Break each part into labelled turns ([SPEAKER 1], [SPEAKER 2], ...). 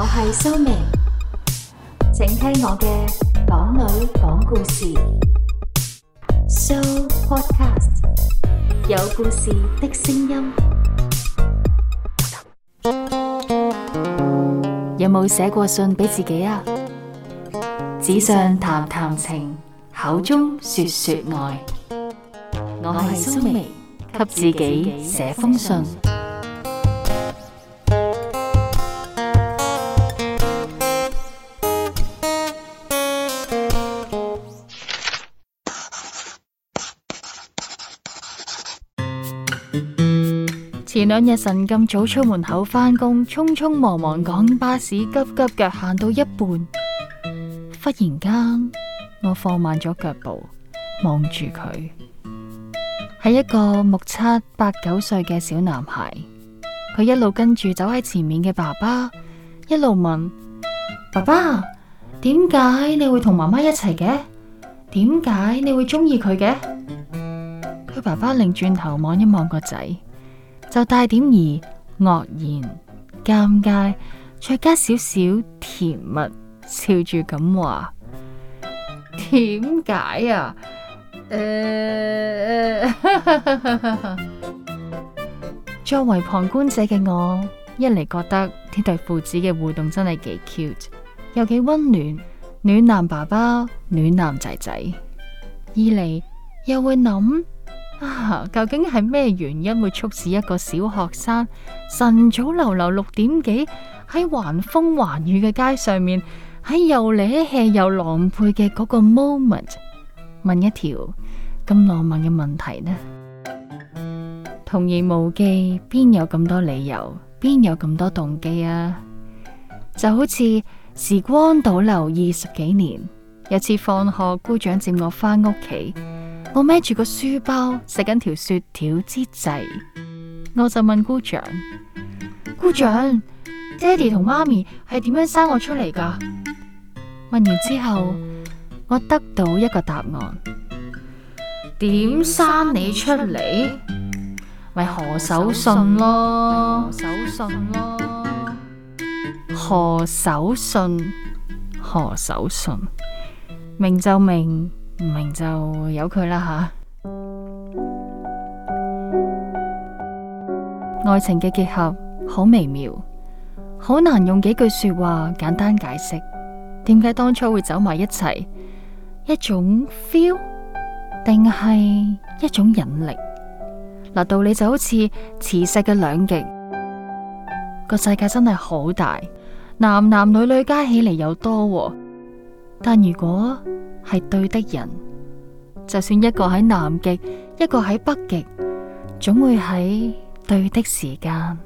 [SPEAKER 1] 我係蘇明，請聽我嘅港女講故事。So Podcast 有故事的聲音。有冇寫過信俾自己啊？紙上談談情，口中說說愛。我係蘇明，給自己寫封信。前兩日晨咁早出門口返工，匆匆忙忙趕巴士，急急腳行到一半，忽然間我放慢咗腳步，望住佢，係一個目測八九歲嘅小男孩。佢一路跟住走喺前面嘅爸爸，一路問：爸爸，點解你會同媽媽一齊嘅？點解你會中意佢嘅？佢爸爸擰轉頭望一望個仔。就帶點兒愕然、尷尬，再加少少甜蜜，笑住咁話：點解啊？誒、uh， 作為旁觀者嘅我，一嚟，覺得呢對父子嘅互動真係幾 cute，尤其溫暖，暖男爸爸，暖男仔仔。二嚟又會諗。啊，究竟係咩原因會促使一個小學生晨早流流六點幾喺橫風橫雨嘅街上面，喺又洩氣又狼狽嘅嗰個 moment，問一條咁浪漫嘅問題呢？童言無忌，邊有咁多理由，邊有咁多動機啊？就好似時光倒流二十幾年，有次放學，姑丈接我翻屋企。我孭住個書包，食緊條雪條之際，我就問姑丈：姑丈，爹哋同媽咪係點樣生我出嚟噶？問完之後，我得到一個答案：點生你出嚟？咪何守信咯，守信咯，何守信，何守信，明就明。唔明就由佢啦吓，啊、愛情嘅結合好微妙，好難用幾句說話簡單解釋。點解當初會走埋一齊？一種 feel，定係一種引力？嗱，道理就好似磁石嘅兩極。個世界真係好大，男男女女加起嚟，又多、喎，但如果。係對的人，就算一個喺南極，一個喺北極，總會喺對的時間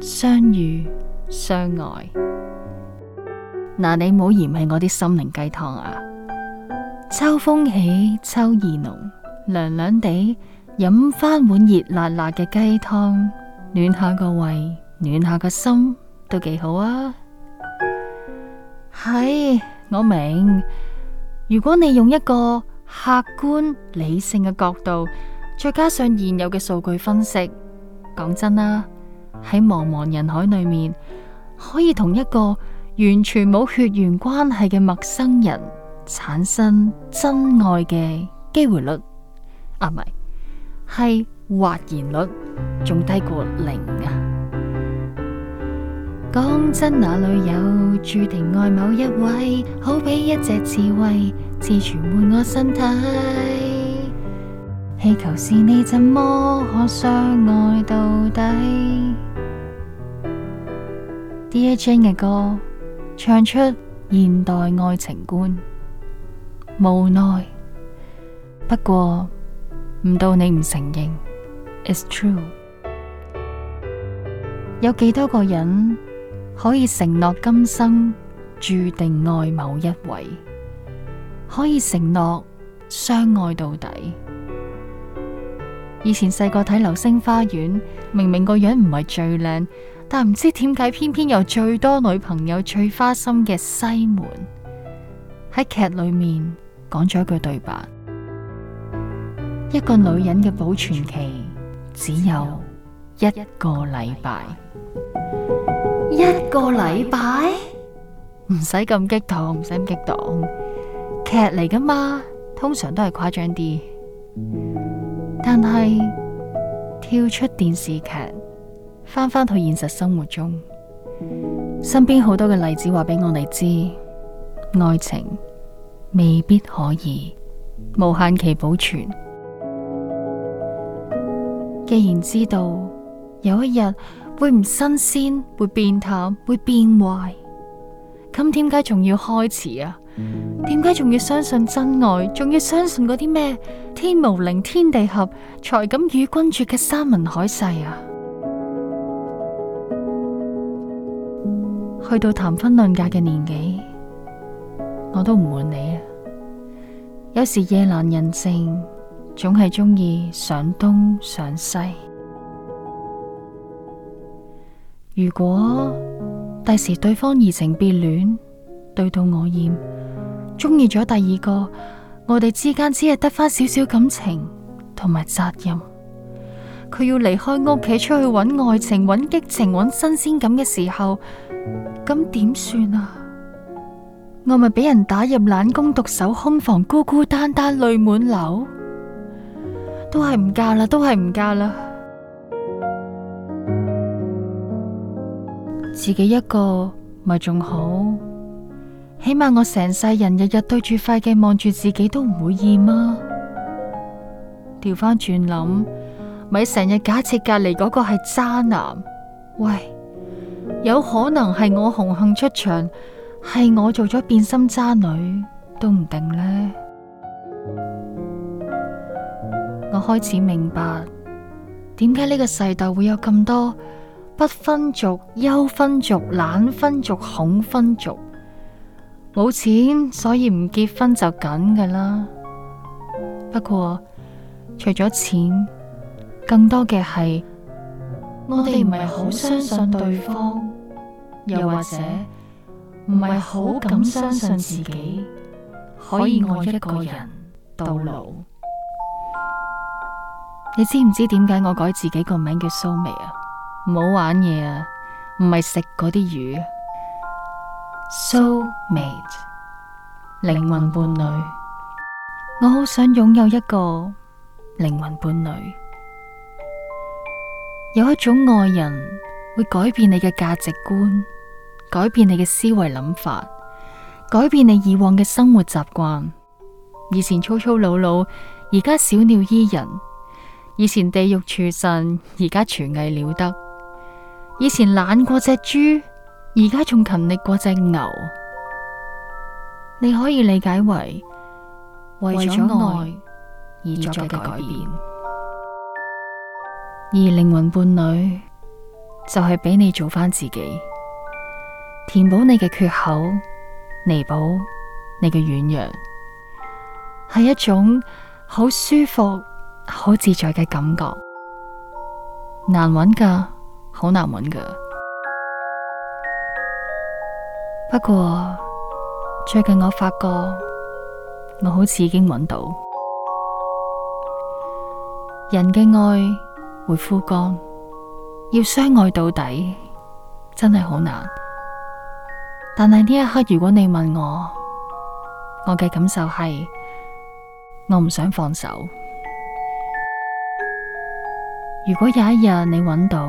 [SPEAKER 1] 相遇相愛。嗱，你唔好嫌棄我啲心靈雞湯啊！秋風起，秋意濃，涼涼地飲翻碗熱辣辣嘅雞湯，暖下個胃，暖下個心，都幾好啊！係、哎，我明。如果你用一個客觀理性嘅角度，再加上現有嘅數據分析，講真啦，喺茫茫人海裏面，可以同一個完全冇血緣關係嘅陌生人產生真愛嘅機會率，啊，唔係，係或然率，仲低過零啊！講真、啊，哪裏有注定愛某一位？好比一隻刺猬，刺全滿我身體。氣球是你，怎麼可相愛到底 ？Dear Jane 嘅歌，唱出現代愛情觀，無奈。不過，唔到你唔承認，It's true。有幾多個人？可以承諾今生注定愛某一位，可以承諾相愛到底。以前細個睇《流星花園》，明明個樣唔係最靚，但唔知點解偏偏有最多女朋友、最花心嘅西門喺劇裏面講咗一句對白：一個女人嘅保存期只有一個禮拜。一個禮拜，唔使咁激動，唔使咁激動，劇嚟噶嘛，通常都係誇張啲。但係跳出電視劇，翻返去現實生活中，身邊好多嘅例子話俾我哋知，愛情未必可以無限期保存。既然知道有一日，會唔新鮮，會變淡，會變壞，咁點解仲要開始啊？點解仲要相信真愛？仲要相信嗰啲咩天無靈，天地合，才敢與君絕嘅山盟海誓啊？ 去到談婚論嫁嘅年紀，我都唔滿你啊！有時夜闌人靜，總係中意想東想西。如果第時對方移情別戀，對到我厭，中意咗第二個，我哋之間只係得翻少少感情同埋責任。佢要離開屋企出去揾愛情、揾激情、揾新鮮感嘅時候，咁點算啊？我咪俾人打入冷宮、獨守空房、孤孤單單、淚滿流，都係唔嫁啦，都係唔嫁啦。自己一個咪仲好，起碼我成世人日日對住塊鏡望住自己都唔會厭啊！調翻轉諗，咪成日假設隔籬嗰個係渣男，喂，有可能係我紅杏出牆，係我做咗變心渣女都唔定呢。我開始明白點解呢個世代會有咁多。不分族，憂分族，懶分族，恐婚族，冇錢所以唔結婚就緊㗎啦。不過除咗錢，更多嘅係我哋唔係好相信對方，對方又或者唔係好敢相信自己，信自己可以愛一個人到老。到老，你知唔知點解我改自己個名叫蘇眉啊？唔好玩嘢啊！唔係食嗰啲魚。Soulmate，靈魂伴侶，我好想擁有一個靈魂伴侶。有一種愛人會改變你嘅價值觀，改變你嘅思維諗法，改變你以往嘅生活習慣。以前粗粗魯魯，而家小鳥依人；以前地獄處神，而家廚藝了得。以前懶過隻豬，而家仲勤力過隻牛。你可以理解為為咗愛而作嘅改變，而靈魂伴侶就係俾你做翻自己，填補你嘅缺口，彌補你嘅軟弱，係一種好舒服、好自在嘅感覺，難揾㗎。好難揾㗎，不過最近我發覺我好似已經揾到。人嘅愛會枯乾，要相愛到底真係好難。但係呢一刻，如果你問我，我嘅感受係我唔想放手。如果有一日你揾到，